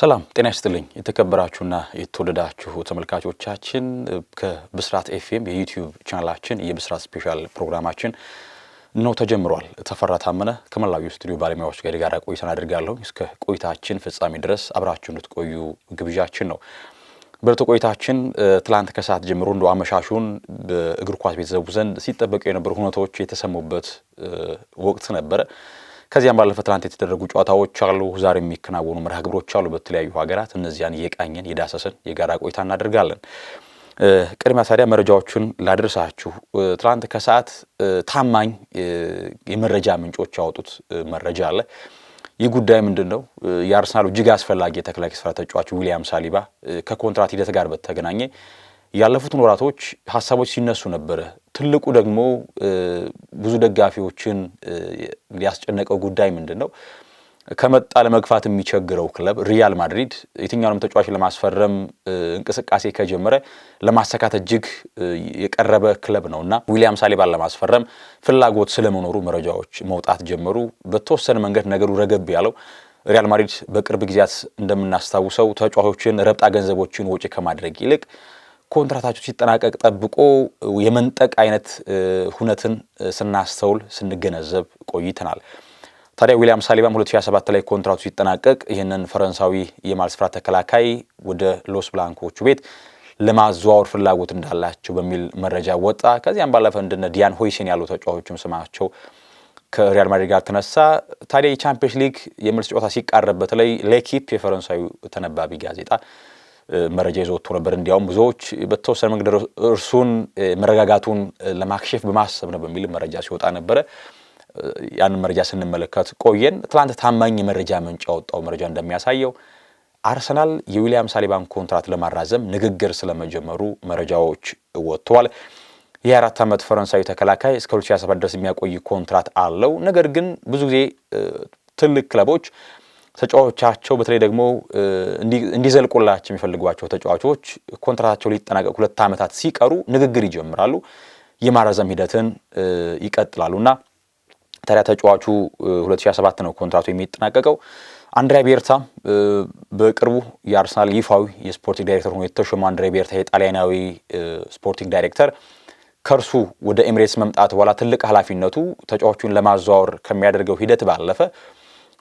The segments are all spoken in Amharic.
ሰላም ጤና ይስጥልኝ። የተከበራችሁና የተወደዳችሁ ተመልካቾቻችን ከብስራት ኤፍኤም የዩቲዩብ ቻናላችን የብስራት ስፔሻል ፕሮግራማችን ነው ተጀምሯል። ተፈራ ታመነ ከመላዊ ስቱዲዮ ባለሙያዎች ጋር የጋራ ቆይታን አድርጋለሁ። እስከ ቆይታችን ፍጻሜ ድረስ አብራችሁ እንድትቆዩ ግብዣችን ነው። በርቶ ቆይታችን ትላንት ከሰዓት ጀምሮ እንደ አመሻሹን በእግር ኳስ ቤተሰቡ ዘንድ ሲጠበቁ የነበሩ ሁነቶች የተሰሙበት ወቅት ነበረ። ከዚያም ባለፈ ትናንት የተደረጉ ጨዋታዎች አሉ፣ ዛሬ የሚከናወኑ መርሃ ግብሮች አሉ በተለያዩ ሀገራት። እነዚያን እየቃኘን የዳሰስን የጋራ ቆይታ እናደርጋለን። ቅድሚያ ታዲያ መረጃዎቹን ላደርሳችሁ። ትናንት ከሰዓት ታማኝ የመረጃ ምንጮች ያወጡት መረጃ አለ። ይህ ጉዳይ ምንድን ነው? የአርሰናሉ እጅግ አስፈላጊ የተከላካይ ስፍራ ተጫዋች ዊሊያም ሳሊባ ከኮንትራት ሂደት ጋር በተገናኘ ያለፉትን ወራቶች ሀሳቦች ሲነሱ ነበረ። ትልቁ ደግሞ ብዙ ደጋፊዎችን ያስጨነቀው ጉዳይ ምንድን ነው? ከመጣ ለመግፋት የሚቸግረው ክለብ ሪያል ማድሪድ የትኛውንም ተጫዋች ለማስፈረም እንቅስቃሴ ከጀመረ ለማሳካት እጅግ የቀረበ ክለብ ነው እና ዊሊያም ሳሊባን ለማስፈረም ፍላጎት ስለመኖሩ መረጃዎች መውጣት ጀመሩ። በተወሰነ መንገድ ነገሩ ረገብ ያለው ሪያል ማድሪድ በቅርብ ጊዜያት እንደምናስታውሰው ተጫዋቾችን ረብጣ ገንዘቦችን ወጪ ከማድረግ ይልቅ ኮንትራታቸው ሲጠናቀቅ ጠብቆ የመንጠቅ አይነት ሁነትን ስናስተውል ስንገነዘብ ቆይተናል። ታዲያ ዊሊያም ሳሊባም 2027 ላይ ኮንትራቱ ሲጠናቀቅ ይህንን ፈረንሳዊ የማል ስፍራ ተከላካይ ወደ ሎስ ብላንኮቹ ቤት ለማዘዋወር ፍላጎት እንዳላቸው በሚል መረጃ ወጣ። ከዚያም ባለፈ እንደነ ዲያን ሆይሴን ያሉ ተጫዋቾችም ስማቸው ከሪያል ማድሪድ ጋር ተነሳ። ታዲያ የቻምፒዮንስ ሊግ የመልስ ጨዋታ ሲቃረብ በተለይ ሌኪፕ የፈረንሳዊ ተነባቢ ጋዜጣ መረጃ ይዞ ወጥቶ ነበር። እንዲያውም ብዙዎች በተወሰነ መንገድ እርሱን መረጋጋቱን ለማክሸፍ በማሰብ ነው በሚል መረጃ ሲወጣ ነበረ። ያንን መረጃ ስንመለከት ቆየን። ትላንት ታማኝ የመረጃ ምንጭ ያወጣው መረጃ እንደሚያሳየው አርሰናል የዊሊያም ሳሊባን ኮንትራት ለማራዘም ንግግር ስለመጀመሩ መረጃዎች ወጥተዋል። አራት ዓመት ፈረንሳዊ ተከላካይ እስከ 2027 ድረስ የሚያቆይ ኮንትራት አለው። ነገር ግን ብዙ ጊዜ ትልቅ ክለቦች ተጫዋቾቻቸው በተለይ ደግሞ እንዲዘልቁላቸው የሚፈልጓቸው ተጫዋቾች ኮንትራታቸው ሊጠናቀቅ ሁለት ዓመታት ሲቀሩ ንግግር ይጀምራሉ። የማራዘም ሂደትን ይቀጥላሉ እና ታዲያ ተጫዋቹ 2027 ነው ኮንትራቱ የሚጠናቀቀው። አንድሪያ ቤርታ በቅርቡ የአርሰናል ይፋዊ የስፖርቲንግ ዳይሬክተር ሆኖ የተሾመ አንድሪያ ቤርታ የጣሊያናዊ ስፖርቲንግ ዳይሬክተር ከእርሱ ወደ ኤምሬትስ መምጣት በኋላ ትልቅ ኃላፊነቱ ተጫዋቹን ለማዘዋወር ከሚያደርገው ሂደት ባለፈ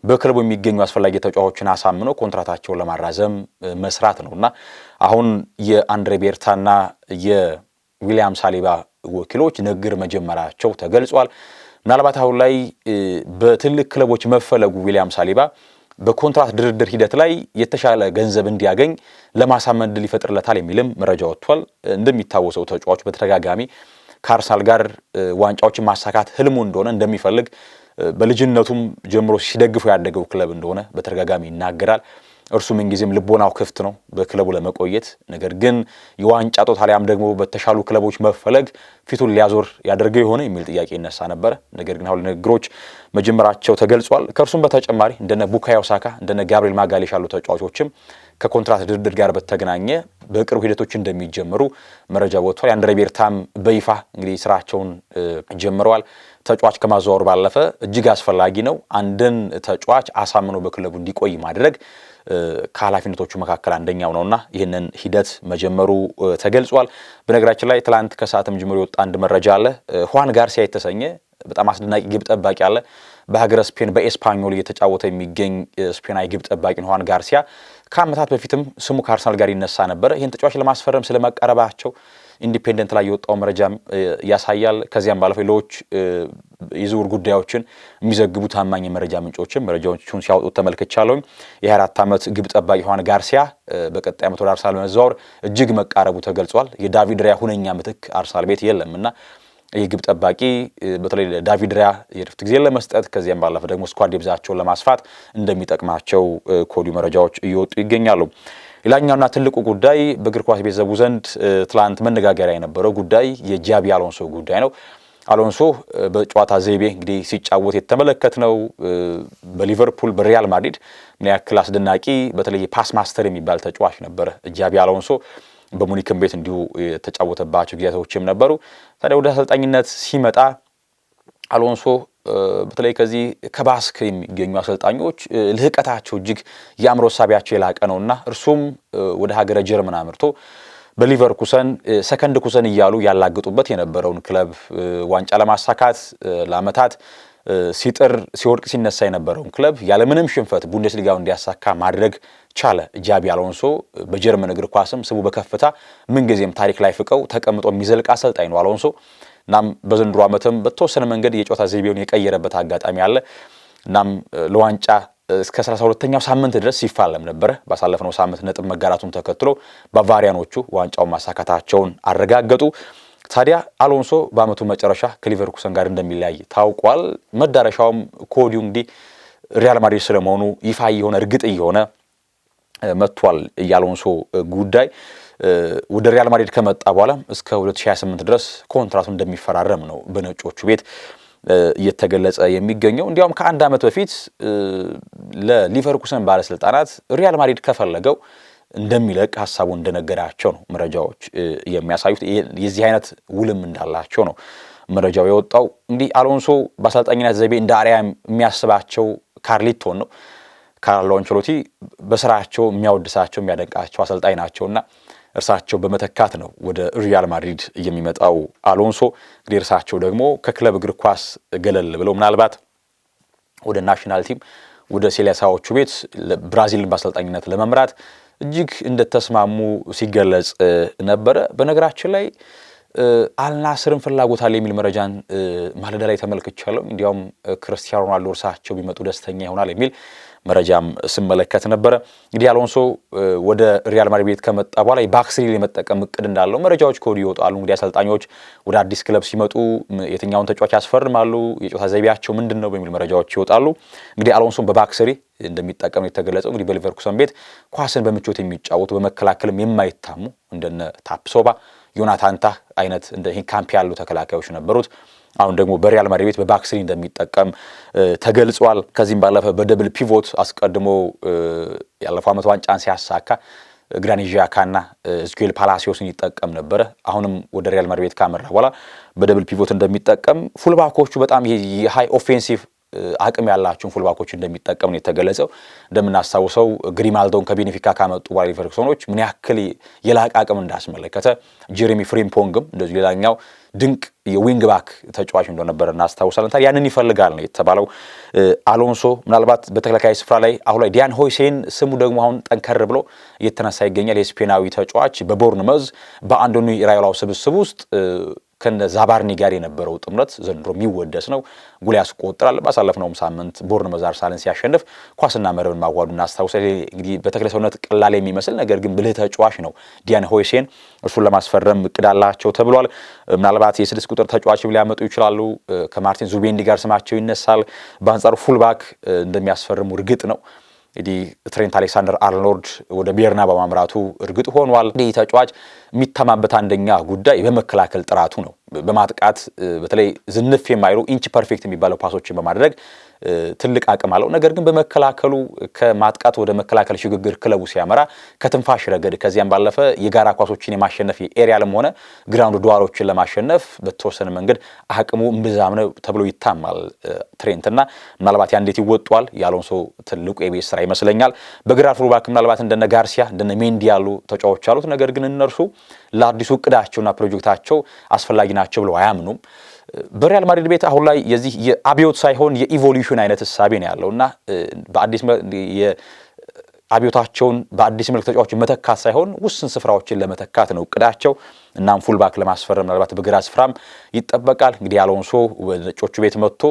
በክለቡ የሚገኙ አስፈላጊ ተጫዋቾችን አሳምኖ ኮንትራታቸውን ለማራዘም መስራት ነው እና አሁን የአንድሬ ቤርታና የዊሊያም ሳሊባ ወኪሎች ንግግር መጀመራቸው ተገልጿል። ምናልባት አሁን ላይ በትልቅ ክለቦች መፈለጉ ዊሊያም ሳሊባ በኮንትራት ድርድር ሂደት ላይ የተሻለ ገንዘብ እንዲያገኝ ለማሳመን ድል ይፈጥርለታል የሚልም መረጃ ወጥቷል። እንደሚታወሰው ተጫዋቹ በተደጋጋሚ ከአርሰናል ጋር ዋንጫዎችን ማሳካት ህልሙ እንደሆነ እንደሚፈልግ በልጅነቱም ጀምሮ ሲደግፉ ያደገው ክለብ እንደሆነ በተደጋጋሚ ይናገራል። እርሱ ምንጊዜም ልቦናው ክፍት ነው በክለቡ ለመቆየት። ነገር ግን የዋንጫ ጦት አሊያም ደግሞ በተሻሉ ክለቦች መፈለግ ፊቱን ሊያዞር ያደርገው የሆነ የሚል ጥያቄ ይነሳ ነበረ። ነገር ግን አሁን ንግግሮች መጀመራቸው ተገልጿል። ከእርሱም በተጨማሪ እንደነ ቡካዮ ሳካ እንደነ ጋብሪኤል ማጋሌሽ ያሉ ተጫዋቾችም ከኮንትራት ድርድር ጋር በተገናኘ በቅርቡ ሂደቶች እንደሚጀምሩ መረጃ ወጥቷል። የአንድሬ ቤርታም በይፋ እንግዲህ ስራቸውን ጀምረዋል። ተጫዋች ከማዘዋወር ባለፈ እጅግ አስፈላጊ ነው። አንድን ተጫዋች አሳምኖ በክለቡ እንዲቆይ ማድረግ ከኃላፊነቶቹ መካከል አንደኛው ነውና ይህንን ሂደት መጀመሩ ተገልጿል። በነገራችን ላይ ትላንት ከሰዓትም ጀምሮ የወጣ አንድ መረጃ አለ። ሁዋን ጋርሲያ የተሰኘ በጣም አስደናቂ ግብ ጠባቂ አለ። በሀገረ ስፔን በኤስፓኞል እየተጫወተ የሚገኝ ስፔናዊ ግብ ጠባቂ ሁዋን ጋርሲያ ከዓመታት በፊትም ስሙ ከአርሰናል ጋር ይነሳ ነበረ። ይህን ተጫዋች ለማስፈረም ስለመቀረባቸው ኢንዲፔንደንት ላይ የወጣው መረጃ ያሳያል። ከዚያም ባለፈው ሌሎች የዝውውር ጉዳዮችን የሚዘግቡ ታማኝ የመረጃ ምንጮችን መረጃዎቹን ሲያወጡት ተመልክቻለሁኝ። የ24 ዓመት ግብ ጠባቂ ዮሐን ጋርሲያ በቀጣይ ዓመት ወደ አርሰናል በመዘዋወር እጅግ መቃረቡ ተገልጿል። የዳቪድ ሪያ ሁነኛ ምትክ አርሰናል ቤት የለም እና ይህ ግብ ጠባቂ በተለይ ዳቪድ ሪያ የድፍት ጊዜ ለመስጠት ከዚያም ባለፈ ደግሞ ስኳድ ብዛቸውን ለማስፋት እንደሚጠቅማቸው ኮዲው መረጃዎች እየወጡ ይገኛሉ። ሌላኛውና ትልቁ ጉዳይ በእግር ኳስ ቤተሰቡ ዘንድ ትላንት መነጋገሪያ የነበረው ጉዳይ የጃቢ አሎንሶ ጉዳይ ነው። አሎንሶ በጨዋታ ዘይቤ እንግዲህ ሲጫወት የተመለከትነው በሊቨርፑል በሪያል ማድሪድ ምን ያክል አስደናቂ በተለይ ፓስ ማስተር የሚባል ተጫዋች ነበረ ጃቢ አሎንሶ። በሙኒክም ቤት እንዲሁ የተጫወተባቸው ጊዜያቶችም ነበሩ። ታዲያ ወደ አሰልጣኝነት ሲመጣ አሎንሶ በተለይ ከዚህ ከባስክ የሚገኙ አሰልጣኞች ልህቀታቸው እጅግ የአእምሮ ሳቢያቸው የላቀ ነውና እርሱም ወደ ሀገረ ጀርመን አምርቶ በሊቨር ኩሰን ሰከንድ ኩሰን እያሉ ያላግጡበት የነበረውን ክለብ ዋንጫ ለማሳካት ለአመታት ሲጥር ሲወድቅ ሲነሳ የነበረውን ክለብ ያለምንም ሽንፈት ቡንደስሊጋው እንዲያሳካ ማድረግ ቻለ። ጃቢ አሎንሶ በጀርመን እግር ኳስም ስቡ በከፍታ ምንጊዜም ታሪክ ላይ ፍቀው ተቀምጦ የሚዘልቅ አሰልጣኝ ነው አሎንሶ። እናም በዘንድሮ ዓመትም በተወሰነ መንገድ የጨዋታ ዘይቤውን የቀየረበት አጋጣሚ አለ። እናም ለዋንጫ እስከ 32ኛው ሳምንት ድረስ ሲፋለም ነበረ። ባሳለፍነው ሳምንት ነጥብ መጋራቱን ተከትሎ ባቫሪያኖቹ ዋንጫውን ማሳካታቸውን አረጋገጡ። ታዲያ አሎንሶ በዓመቱ መጨረሻ ከሊቨርኩሰን ጋር እንደሚለያይ ታውቋል። መዳረሻውም ከወዲሁ እንግዲህ ሪያል ማድሪድ ስለመሆኑ ይፋ እየሆነ እርግጥ እየሆነ መጥቷል የአሎንሶ ጉዳይ ወደ ሪያል ማድሪድ ከመጣ በኋላ እስከ 2028 ድረስ ኮንትራቱ እንደሚፈራረም ነው በነጮቹ ቤት እየተገለጸ የሚገኘው። እንዲያውም ከአንድ ዓመት በፊት ለሊቨርኩሰን ባለስልጣናት ሪያል ማድሪድ ከፈለገው እንደሚለቅ ሀሳቡ እንደነገራቸው ነው መረጃዎች የሚያሳዩት። የዚህ አይነት ውልም እንዳላቸው ነው መረጃው የወጣው። እንግዲህ አሎንሶ በአሰልጣኝነት ዘይቤ እንደ አርያ የሚያስባቸው ካርሊቶን ነው። ካርሎ አንቸሎቲ በስራቸው የሚያወድሳቸው የሚያደንቃቸው አሰልጣኝ ናቸውና እርሳቸው በመተካት ነው ወደ ሪያል ማድሪድ የሚመጣው አሎንሶ። እንግዲህ እርሳቸው ደግሞ ከክለብ እግር ኳስ ገለል ብለው ምናልባት ወደ ናሽናል ቲም ወደ ሴሌሳዎቹ ቤት ብራዚልን በአሰልጣኝነት ለመምራት እጅግ እንደተስማሙ ሲገለጽ ነበረ። በነገራችን ላይ አልናስርን ፍላጎታል የሚል መረጃን ማለዳ ላይ ተመልክቻለሁ። እንዲያውም ክርስቲያኖ ሮናልዶ እርሳቸው ቢመጡ ደስተኛ ይሆናል የሚል መረጃም ስመለከት ነበረ። እንግዲህ አሎንሶ ወደ ሪያል ማድሪድ ቤት ከመጣ በኋላ የባክስሪል የመጠቀም እቅድ እንዳለው መረጃዎች ከወዲሁ ይወጣሉ። እንግዲህ አሰልጣኞች ወደ አዲስ ክለብ ሲመጡ የትኛውን ተጫዋች ያስፈርማሉ፣ የጨዋታ ዘይቤያቸው ምንድን ነው በሚል መረጃዎች ይወጣሉ። እንግዲህ አሎንሶን በባክስሪ እንደሚጠቀም የተገለጸው እንግዲህ በሊቨርኩሰን ቤት ኳስን በምቾት የሚጫወቱ በመከላከልም የማይታሙ እንደነ ታፕሶባ ዮናታንታ አይነት እንደ ካምፕ ያሉ ተከላካዮች ነበሩት። አሁን ደግሞ በሪያል ማድሪድ በባክስሪ እንደሚጠቀም ተገልጿል። ከዚህም ባለፈ በደብል ፒቮት አስቀድሞ ያለፈው ዓመት ዋንጫን ሲያሳካ ግራኒት ዣካና ኤዝኩዌል ፓላሲዮስን ይጠቀም ነበረ። አሁንም ወደ ሪያል ማድሪድ ካመራ በኋላ በደብል ፒቮት እንደሚጠቀም ፉልባኮቹ በጣም ይሄ የሃይ ኦፌንሲቭ አቅም ያላቸውን ፉልባኮች እንደሚጠቀም ነው የተገለጸው። እንደምናስታውሰው ግሪማልዶን ከቤኔፊካ ካመጡ በኋላ ሌቨርኩሰኖች ምን ያክል የላቀ አቅም እንዳስመለከተ፣ ጀሬሚ ፍሪምፖንግም እንደዚሁ ሌላኛው ድንቅ የዊንግ ባክ ተጫዋች እንደነበረ እናስታውሳለን። ታዲያ ያንን ይፈልጋል ነው የተባለው። አሎንሶ ምናልባት በተከላካይ ስፍራ ላይ አሁን ላይ ዲያን ሆይሴን ስሙ ደግሞ አሁን ጠንከር ብሎ እየተነሳ ይገኛል። የስፔናዊ ተጫዋች በቦርንመዝ በአንዶኒ ራዮላው ስብስብ ውስጥ ከነ ዛባርኒ ጋር የነበረው ጥምረት ዘንድሮ የሚወደስ ነው። ጎል ያስቆጥራል። ባሳለፍነውም ሳምንት መዛር አርሰናልን ሲያሸንፍ ኳስና መረብን ማዋዱ እናስታውሳል። እንግዲህ ሰውነት ቀላል የሚመስል ነገር ግን ብልህ ተጫዋች ነው ዲያን ሆይሴን። እርሱን ለማስፈረም እቅድ አላቸው ተብሏል። ምናልባት የስድስት ቁጥር ተጫዋች ሊያመጡ ይችላሉ። ከማርቲን ዙቤንዲ ጋር ስማቸው ይነሳል። በአንጻሩ ፉልባክ እንደሚያስፈርሙ እርግጥ ነው። እንግዲህ ትሬንት አሌክሳንደር አርኖልድ ወደ ቤርና በማምራቱ እርግጥ ሆኗል። እንዲህ ተጫዋች የሚተማበት አንደኛ ጉዳይ በመከላከል ጥራቱ ነው። በማጥቃት በተለይ ዝንፍ የማይሉ ኢንች ፐርፌክት የሚባለው ፓሶችን በማድረግ ትልቅ አቅም አለው። ነገር ግን በመከላከሉ ከማጥቃት ወደ መከላከል ሽግግር ክለቡ ሲያመራ ከትንፋሽ ረገድ ከዚያም ባለፈ የጋራ ኳሶችን የማሸነፍ ኤሪያልም ሆነ ግራውንድ ድዋሮችን ለማሸነፍ በተወሰነ መንገድ አቅሙ እምብዛም ነው ተብሎ ይታማል እና ምናልባት ያ እንዴት ይወጧል የአሎንሶ ትልቁ የቤት ስራ ይመስለኛል። በግራ ፉልባክ ምናልባት እንደነ ጋርሲያ እንደነ ሜንዲ ያሉ ተጫዋቾች አሉት። ነገር ግን እነርሱ ለአዲሱ እቅዳቸውና ፕሮጀክታቸው አስፈላጊ ናቸው ብለው አያምኑም። በሪያል ማድሪድ ቤት አሁን ላይ የዚህ የአብዮት ሳይሆን የኢቮሉሽን አይነት እሳቤ ነው ያለው እና በአዲስ አብዮታቸውን በአዲስ መልክ ተጫዋች መተካት ሳይሆን ውስን ስፍራዎችን ለመተካት ነው እቅዳቸው። እናም ፉልባክ ለማስፈረም ምናልባት በግራ ስፍራም ይጠበቃል። እንግዲህ አሎንሶ ነጮቹ ቤት መጥቶ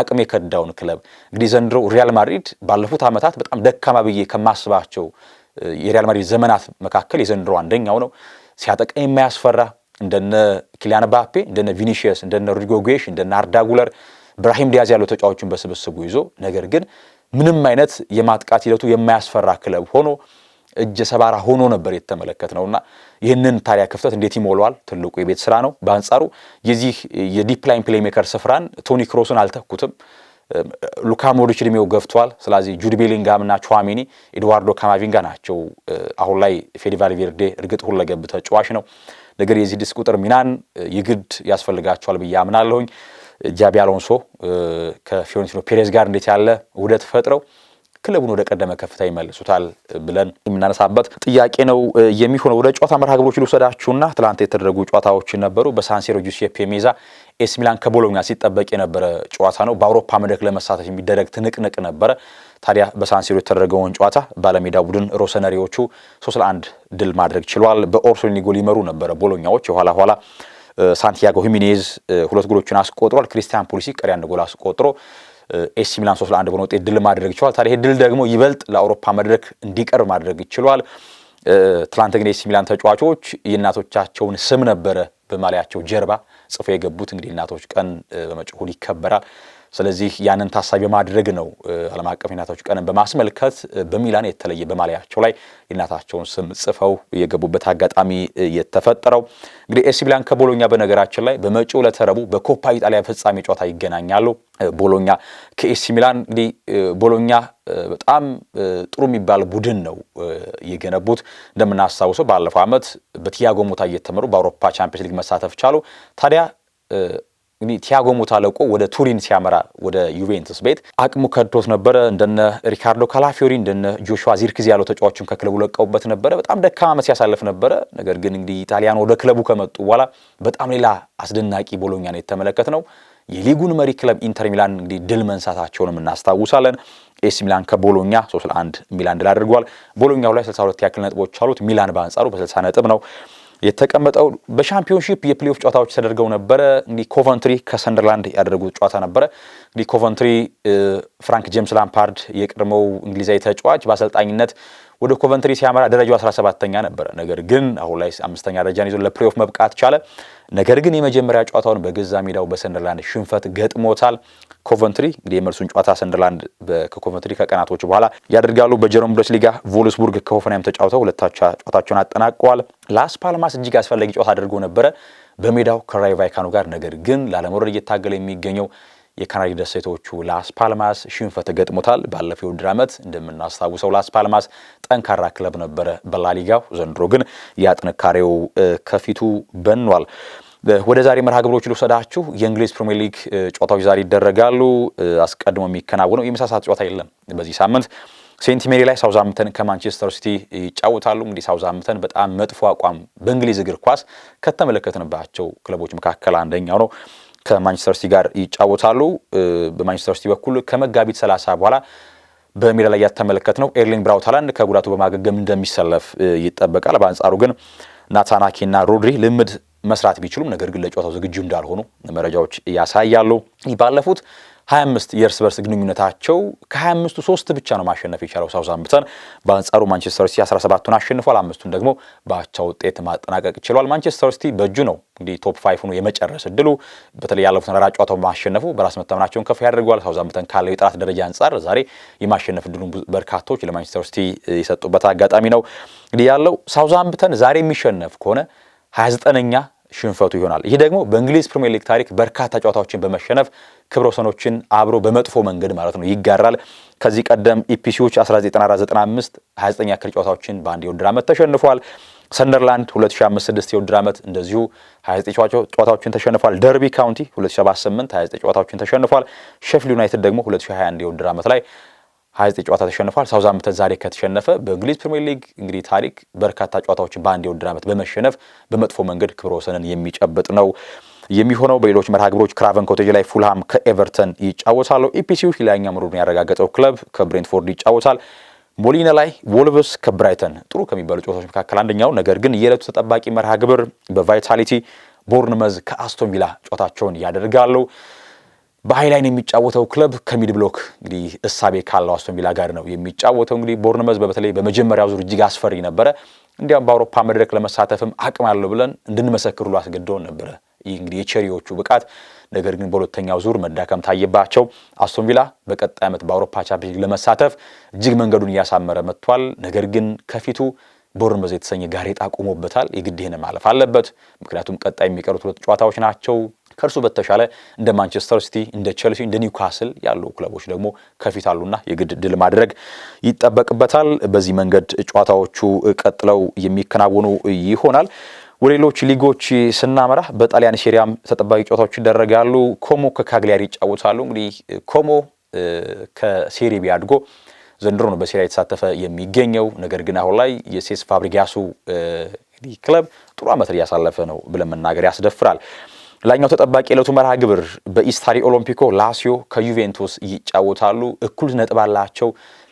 አቅም የከዳውን ክለብ እንግዲህ ዘንድሮ ሪያል ማድሪድ ባለፉት ዓመታት በጣም ደካማ ብዬ ከማስባቸው የሪያል ማድሪድ ዘመናት መካከል የዘንድሮ አንደኛው ነው። ሲያጠቃ የማያስፈራ እንደነ ኪሊያን ባፔ፣ እንደነ ቪኒሺየስ፣ እንደነ ሮድሪጎ ጉዌሽ፣ እንደነ አርዳ ጉለር፣ ብራሂም ዲያዝ ያሉ ተጫዋቾችን በስብስቡ ይዞ ነገር ግን ምንም አይነት የማጥቃት ሂደቱ የማያስፈራ ክለብ ሆኖ እጀ ሰባራ ሆኖ ነበር የተመለከት ነውና ይህንን ታዲያ ክፍተት እንዴት ይሞላዋል? ትልቁ የቤት ስራ ነው። በአንጻሩ የዚህ የዲፕላይን ፕሌሜከር ስፍራን ቶኒ ክሮስን አልተኩትም። ሉካ ሞዲች ዕድሜው ገፍቷል። ስለዚህ ጁድ ቤሊንጋምና ቹዋሚኒ፣ ኤድዋርዶ ካማቪንጋ ናቸው። አሁን ላይ ፌዴ ቫልቬርዴ እርግጥ ሁለገብ ተጫዋች ነው ነገር የዚህ ስድስት ቁጥር ሚናን ይግድ ያስፈልጋቸዋል ብዬ አምናለሁኝ። ጃቢ አሎንሶ ከፊዮሬንቲኖ ፔሬዝ ጋር እንዴት ያለ ውህደት ፈጥረው ክለቡን ወደ ቀደመ ከፍታ ይመልሱታል ብለን የምናነሳበት ጥያቄ ነው የሚሆነው። ወደ ጨዋታ መርሃ ግብሮች ልውሰዳችሁና ትላንት የተደረጉ ጨዋታዎች ነበሩ። በሳንሴሮ ጁሴፔ ሜዛ ኤስ ሚላን ከቦሎኛ ሲጠበቅ የነበረ ጨዋታ ነው። በአውሮፓ መድረክ ለመሳተፍ የሚደረግ ትንቅንቅ ነበረ። ታዲያ በሳንሲሮ የተደረገውን ጨዋታ ባለሜዳ ቡድን ሮሰነሪዎቹ ሶስት ለአንድ ድል ማድረግ ችሏል። በኦርሶሊኒ ጎል ይመሩ ነበረ ቦሎኛዎች የኋላ ኋላ ሳንቲያጎ ሂሚኔዝ ሁለት ጎሎችን አስቆጥሯል። ክሪስቲያን ፖሊሲ ቀሪ አንድ ጎል አስቆጥሮ ኤሲ ሚላን ሶስት ለአንድ በሆነ ውጤት ድል ማድረግ ችሏል። ታዲያ ይህ ድል ደግሞ ይበልጥ ለአውሮፓ መድረክ እንዲቀርብ ማድረግ ችሏል። ትላንት ግን ኤሲ ሚላን ተጫዋቾች የእናቶቻቸውን ስም ነበረ በማሊያቸው ጀርባ ጽፎ የገቡት። እንግዲህ እናቶች ቀን በመጪው ይከበራል። ስለዚህ ያንን ታሳቢ ማድረግ ነው ዓለም አቀፍ የእናቶች ቀንን በማስመልከት በሚላን የተለየ በማሊያቸው ላይ የእናታቸውን ስም ጽፈው የገቡበት አጋጣሚ የተፈጠረው። እንግዲህ ኤሲ ሚላን ከቦሎኛ በነገራችን ላይ በመጪው ዕለተ ረቡዕ በኮፓ ኢጣሊያ ፍጻሜ ጨዋታ ይገናኛሉ። ቦሎኛ ከኤሲ ሚላን እንግዲህ ቦሎኛ በጣም ጥሩ የሚባል ቡድን ነው የገነቡት። እንደምናስታውሰው ባለፈው ዓመት በቲያጎ ሞታ እየተመሩ በአውሮፓ ቻምፒየንስ ሊግ መሳተፍ ቻሉ። ታዲያ እንግዲህ ቲያጎ ሞታ ለቆ ወደ ቱሪን ሲያመራ ወደ ዩቬንትስ ቤት አቅሙ ከድቶት ነበረ። እንደነ ሪካርዶ ካላፊዮሪ እንደነ ጆሹዋ ዚርክዚ ያለው ተጫዋቹን ከክለቡ ለቀውበት ነበረ። በጣም ደካማ ዓመት ሲያሳልፍ ነበረ። ነገር ግን እንግዲህ ኢጣሊያን ወደ ክለቡ ከመጡ በኋላ በጣም ሌላ አስደናቂ ቦሎኛ ነው የተመለከት ነው። የሊጉን መሪ ክለብ ኢንተር ሚላን እንግዲህ ድል መንሳታቸውንም እናስታውሳለን። ኤሲ ሚላን ከቦሎኛ 3 ለ1 ሚላን ድል አድርጓል። ቦሎኛው ላይ 62 ያክል ነጥቦች አሉት። ሚላን በአንጻሩ በ60 ነጥብ ነው። የተቀመጠው በሻምፒዮንሺፕ የፕሌኦፍ ጨዋታዎች ተደርገው ነበረ። እንግዲህ ኮቨንትሪ ከሰንደርላንድ ያደረጉት ጨዋታ ነበረ። እንግዲህ ኮቨንትሪ ፍራንክ ጄምስ ላምፓርድ የቀድሞው እንግሊዛዊ ተጫዋች በአሰልጣኝነት ወደ ኮቨንትሪ ሲያመራ ደረጃው 17ተኛ ነበረ። ነገር ግን አሁን ላይ አምስተኛ ደረጃን ይዞ ለፕሌኦፍ መብቃት ቻለ። ነገር ግን የመጀመሪያ ጨዋታውን በገዛ ሜዳው በሰንደርላንድ ሽንፈት ገጥሞታል። ኮቨንትሪ እንግዲህ የመልሱን ጨዋታ ሰንደርላንድ ከኮቨንትሪ ከቀናቶች በኋላ ያደርጋሉ። በጀርመን ቡንደስሊጋ ቮልስቡርግ ከሆፈንሃይም ተጫውተው ሁለታቻ ጨዋታቸውን አጠናቀዋል። ላስ ፓልማስ እጅግ አስፈላጊ ጨዋታ አድርጎ ነበረ በሜዳው ከራይ ቫይካኑ ጋር ነገር ግን ላለመውረድ እየታገለ የሚገኘው የካናሪ ደሴቶቹ ላስ ፓልማስ ሽንፈት ገጥሞታል። ባለፈው ውድድር ዓመት እንደምናስታውሰው ላስ ፓልማስ ጠንካራ ክለብ ነበረ በላሊጋው። ዘንድሮ ግን ያ ጥንካሬው ከፊቱ በኗል። ወደ ዛሬ መርሃ ግብሮች ልውሰዳችሁ። የእንግሊዝ ፕሪሚየር ሊግ ጨዋታዎች ዛሬ ይደረጋሉ። አስቀድሞ የሚከናወነው የምሳ ሰዓት ጨዋታ የለም በዚህ ሳምንት ሴንት ሜሪ ላይ ሳውዛምተን ከማንቸስተር ሲቲ ይጫወታሉ። እንግዲህ ሳውዛምተን በጣም መጥፎ አቋም በእንግሊዝ እግር ኳስ ከተመለከትንባቸው ክለቦች መካከል አንደኛው ነው። ከማንቸስተር ሲቲ ጋር ይጫወታሉ። በማንቸስተር ሲቲ በኩል ከመጋቢት 30 በኋላ በሜዳ ላይ ያተመለከት ነው ኤርሊንግ ብራውት ሃላንድ ከጉዳቱ በማገገም እንደሚሰለፍ ይጠበቃል። በአንጻሩ ግን ናታናኪ አኬና ሮድሪ ልምድ መስራት ቢችሉም ነገር ግን ለጨዋታው ዝግጁ እንዳልሆኑ መረጃዎች ያሳያሉ። ባለፉት 25 የእርስ በርስ ግንኙነታቸው ከ25ቱ ሶስት ብቻ ነው ማሸነፍ የቻለው ሳውዛምፕተን። በአንጻሩ ማንቸስተር ሲቲ 17ቱን አሸንፏል፣ አምስቱን ደግሞ በአቻ ውጤት ማጠናቀቅ ችሏል። ማንቸስተር ሲቲ በእጁ ነው እንግዲህ ቶፕ ፋይቭ ሆኖ የመጨረስ እድሉ በተለይ ያለፉትን ተራራ ጨዋታው ማሸነፉ በራስ መተማመናቸውን ከፍ ያደርገዋል። ሳውዛምፕተን ካለው የጥራት ደረጃ አንጻር ዛሬ የማሸነፍ እድሉን በርካቶች ለማንቸስተር ሲቲ የሰጡበት አጋጣሚ ነው እንግዲህ ያለው። ሳውዛምፕተን ዛሬ የሚሸነፍ ከሆነ 29ኛ ሽንፈቱ ይሆናል። ይህ ደግሞ በእንግሊዝ ፕሪሚየር ሊግ ታሪክ በርካታ ጨዋታዎችን በመሸነፍ ክብረ ወሰኖችን አብሮ በመጥፎ መንገድ ማለት ነው ይጋራል። ከዚህ ቀደም ኢፒሲዎች 1994/95 29 ያክል ጨዋታዎችን በአንድ የውድድር ዓመት ተሸንፏል። ሰንደርላንድ 2005/06 የውድድር ዓመት እንደዚሁ 29 ጨዋታዎችን ተሸንፏል። ደርቢ ካውንቲ 2007/8 29 ጨዋታዎችን ተሸንፏል። ሼፊልድ ዩናይትድ ደግሞ 2021 የውድድር ዓመት ላይ 29 ጨዋታ ተሸንፏል። ሳውዛምተን ዛሬ ከተሸነፈ በእንግሊዝ ፕሪሚየር ሊግ እንግዲህ ታሪክ በርካታ ጨዋታዎችን በአንድ የውድድር ዓመት በመሸነፍ በመጥፎ መንገድ ክብረ ወሰንን የሚጨብጥ ነው። የሚሆነው። በሌሎች መርሃ ግብሮች ክራቨን ኮቴጅ ላይ ፉልሃም ከኤቨርተን ይጫወታሉ። ኢፒሲዩ ሌላኛው ምሩን ያረጋገጠው ክለብ ከብሬንትፎርድ ይጫወታል። ሞሊነ ላይ ወልቭስ ከብራይተን ጥሩ ከሚባሉ ጨዋታዎች መካከል አንደኛው። ነገር ግን የዕለቱ ተጠባቂ መርሃ ግብር በቫይታሊቲ ቦርንመዝ ከአስቶን ቪላ ጨዋታቸውን ያደርጋሉ። በሀይ ላይን የሚጫወተው ክለብ ከሚድ ብሎክ እንግዲህ እሳቤ ካለው አስቶን ቪላ ጋር ነው የሚጫወተው። እንግዲህ ቦርንመዝ በተለይ በመጀመሪያው ዙር እጅግ አስፈሪ ነበረ። እንዲያውም በአውሮፓ መድረክ ለመሳተፍም አቅም አለው ብለን እንድንመሰክሩ አስገድዶን ነበረ ይህ እንግዲህ የቸሪዎቹ ብቃት ነገር ግን በሁለተኛው ዙር መዳከም ታየባቸው። አስቶን ቪላ በቀጣይ ዓመት በአውሮፓ ቻምፒዮንስ ለመሳተፍ እጅግ መንገዱን እያሳመረ መጥቷል። ነገር ግን ከፊቱ ቦርንመዝ የተሰኘ ጋሬጣ ቆሞበታል። የግድ ይህን ማለፍ አለበት። ምክንያቱም ቀጣይ የሚቀሩት ሁለት ጨዋታዎች ናቸው። ከእርሱ በተሻለ እንደ ማንቸስተር ሲቲ፣ እንደ ቸልሲ፣ እንደ ኒውካስል ያሉ ክለቦች ደግሞ ከፊት አሉና የግድ ድል ማድረግ ይጠበቅበታል። በዚህ መንገድ ጨዋታዎቹ ቀጥለው የሚከናወኑ ይሆናል። ወደ ሌሎች ሊጎች ስናመራ በጣሊያን ሴሪያም ተጠባቂ ጨዋታዎች ይደረጋሉ። ኮሞ ከካግሊያሪ ይጫወታሉ። እንግዲህ ኮሞ ከሴሪ ቢ አድጎ ዘንድሮ ነው በሴሪያ የተሳተፈ የሚገኘው። ነገር ግን አሁን ላይ የሴስ ፋብሪጋሱ ክለብ ጥሩ ዓመት እያሳለፈ ነው ብለን መናገር ያስደፍራል። ላኛው ተጠባቂ የዕለቱ መርሃ ግብር በኢስታሪ ኦሎምፒኮ ላሲዮ ከዩቬንቱስ ይጫወታሉ። እኩል ነጥብ አላቸው።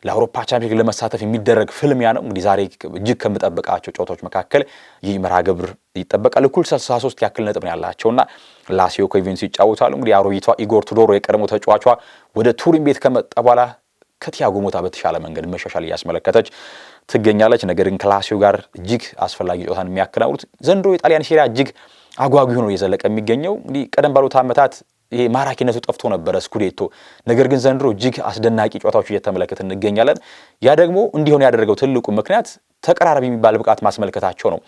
ለአውሮፓ ቻምፒዮን ለመሳተፍ የሚደረግ ፍልሚያ ነው። እንግዲህ ዛሬ እጅግ ከምጠብቃቸው ጨዋታዎች መካከል ይህ መርሃ ግብር ይጠበቃል። እኩል 63 ያክል ነጥብ ነው ያላቸውና ላሲዮ ኮቪንስ ይጫወታሉ። እንግዲህ አሮጊቷ ኢጎር ቱዶሮ የቀድሞ ተጫዋቿ ወደ ቱሪን ቤት ከመጣ በኋላ ከቲያጎ ሞታ በተሻለ መንገድ መሻሻል እያስመለከተች ትገኛለች። ነገር ግን ከላሲዮ ጋር እጅግ አስፈላጊ ጨዋታን የሚያከናውኑት ዘንድሮ የጣሊያን ሴሪያ እጅግ አጓጊ ሆኖ እየዘለቀ የሚገኘው እንግዲህ ቀደም ባሉት ዓመታት ይሄ ማራኪነቱ ጠፍቶ ነበረ ስኩዴቶ። ነገር ግን ዘንድሮ እጅግ አስደናቂ ጨዋታዎች እየተመለከት እንገኛለን። ያ ደግሞ እንዲሆን ያደረገው ትልቁ ምክንያት ተቀራራቢ የሚባል ብቃት ማስመልከታቸው ነው።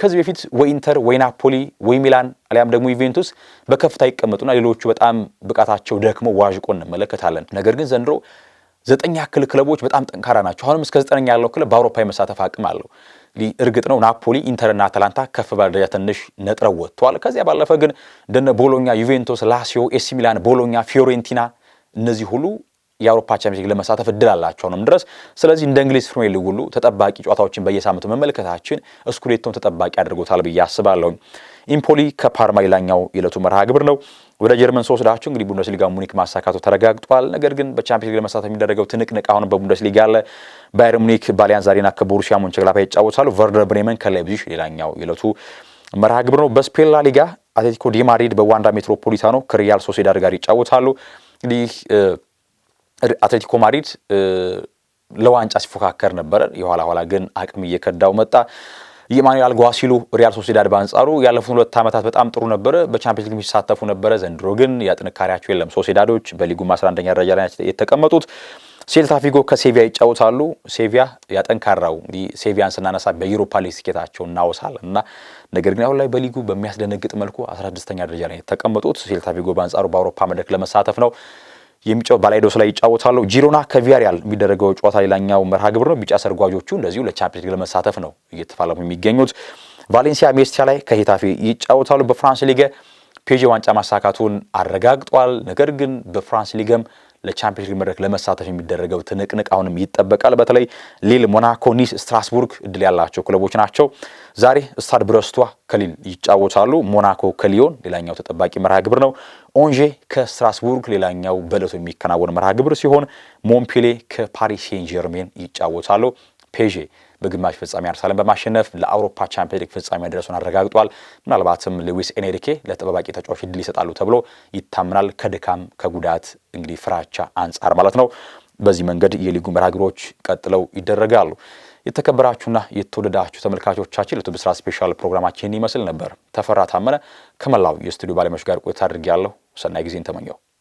ከዚህ በፊት ወይ ኢንተር ወይ ናፖሊ ወይ ሚላን አሊያም ደግሞ ዩቬንቱስ በከፍታ ይቀመጡና ሌሎቹ በጣም ብቃታቸው ደክሞ ዋዥቆ እንመለከታለን። ነገር ግን ዘንድሮ ዘጠኝ ያክል ክለቦች በጣም ጠንካራ ናቸው። አሁንም እስከ ዘጠነኛ ያለው ክለብ በአውሮፓ የመሳተፍ አቅም አለው። እርግጥ ነው ናፖሊ፣ ኢንተርና አታላንታ ከፍ ባለ ደረጃ ትንሽ ነጥረው ወጥተዋል። ከዚያ ባለፈ ግን እንደነ ቦሎኛ፣ ዩቬንቶስ፣ ላሲዮ፣ ኤሲ ሚላን፣ ቦሎኛ፣ ፊዮሬንቲና እነዚህ ሁሉ የአውሮፓ ቻምፒዮንስ ሊግ ለመሳተፍ እድል አላቸው አሁንም ድረስ። ስለዚህ እንደ እንግሊዝ ፕሪሚየር ሊግ ሁሉ ተጠባቂ ጨዋታዎችን በየሳምንቱ መመልከታችን እስኩሌቶን ተጠባቂ አድርጎታል ብዬ አስባለሁ። ኢምፖሊ ከፓርማ ሌላኛው የዕለቱ መርሃ ግብር ነው። ወደ ጀርመን ስወስዳችሁ እንግዲህ ቡንደስሊጋ ሙኒክ ማሳካቱ ተረጋግጧል። ነገር ግን በቻምፒዮንስ ሊግ ለመሳተፍ የሚደረገው ትንቅንቅ አሁን በቡንደስሊጋ አለ። ባየር ሙኒክ ባሊያን ዛሬና ከቦሩሲያ ሞንቸግላፓ ይጫወታሉ። ቨርደር ብሬመን ከላይፕዚግ ሌላኛው የዕለቱ መርሃ ግብር ነው። በስፔን ላ ሊጋ አትሌቲኮ ዲ ማድሪድ በዋንዳ ሜትሮፖሊታኖ ከሪያል ሶሴዳድ ጋር ይጫወታሉ። እንግዲህ አትሌቲኮ ማድሪድ ለዋንጫ ሲፎካከር ነበረ። የኋላ ኋላ ግን አቅም እየከዳው መጣ። ኢማኑኤል ጓሲሉ ሪያል ሶሲዳድ በአንጻሩ ያለፉት ሁለት ዓመታት በጣም ጥሩ ነበረ። በቻምፒየንስ ሊግ ሲሳተፉ ነበረ። ዘንድሮ ግን ያ የለም። ሶሲዳዶች በሊጉ 11ኛ ደረጃ ላይ የተቀመጡት። ሴልታ ቪጎ ከሴቪያ ይጫወታሉ። ሴቪያ ያጠንካራው እንግዲህ ሴቪያን ስናነሳ በዩሮፓ ሊግ ስኬታቸው እናወሳል እና ነገር ግን አሁን ላይ በሊጉ በሚያስደነግጥ መልኩ 16ኛ ደረጃ ላይ የተቀመጡት ሴልታ ቪጎ በአንጻሩ በአውሮፓ መድረክ ለመሳተፍ ነው ባላይዶስ ላይ ይጫወታሉ። ጂሮና ከቪያሪያል የሚደረገው ጨዋታ ሌላኛው መርሃ ግብር ነው። ቢጫ ሰርጓጆቹ እንደዚሁ ለቻምፒዮንስ ሊግ ለመሳተፍ ነው እየተፋለሙ የሚገኙት። ቫሌንሲያ ሜስቲያ ላይ ከሄታፌ ይጫወታሉ። በፍራንስ ሊገ ፔጂ ዋንጫ ማሳካቱን አረጋግጧል። ነገር ግን በፍራንስ ሊገም ለቻምፒዮንስ ሊግ መድረክ ለመሳተፍ የሚደረገው ትንቅንቅ አሁንም ይጠበቃል። በተለይ ሊል፣ ሞናኮ፣ ኒስ፣ ስትራስቡርግ እድል ያላቸው ክለቦች ናቸው። ዛሬ ስታድ ብረስቷ ከሊል ይጫወታሉ። ሞናኮ ከሊዮን ሌላኛው ተጠባቂ መርሃ ግብር ነው። ኦንዤ ከስትራስቡርግ ሌላኛው በዕለቱ የሚከናወን መርሃ ግብር ሲሆን ሞምፔሌ ከፓሪስ ሴን ጀርሜን ይጫወታሉ። ፔዤ በግማሽ ፍጻሜ አርሰናልን በማሸነፍ ለአውሮፓ ቻምፒየንስ ሊግ ፍጻሜ መድረሱን አረጋግጧል። ምናልባትም ሉዊስ ኤንሪኬ ለተጠባቂ ተጫዋች እድል ይሰጣሉ ተብሎ ይታምናል። ከድካም ከጉዳት እንግዲህ ፍራቻ አንጻር ማለት ነው። በዚህ መንገድ የሊጉ መርሃ ግብሮች ቀጥለው ይደረጋሉ። የተከበራችሁና የተወደዳችሁ ተመልካቾቻችን ለቱብ ስራ ስፔሻል ፕሮግራማችን ይመስል ነበር። ተፈራ ታመነ ከመላው የስቱዲዮ ባለሙያዎች ጋር ቆይታ አድርጌ ያለሁ። ሰናይ ጊዜን ተመኘው።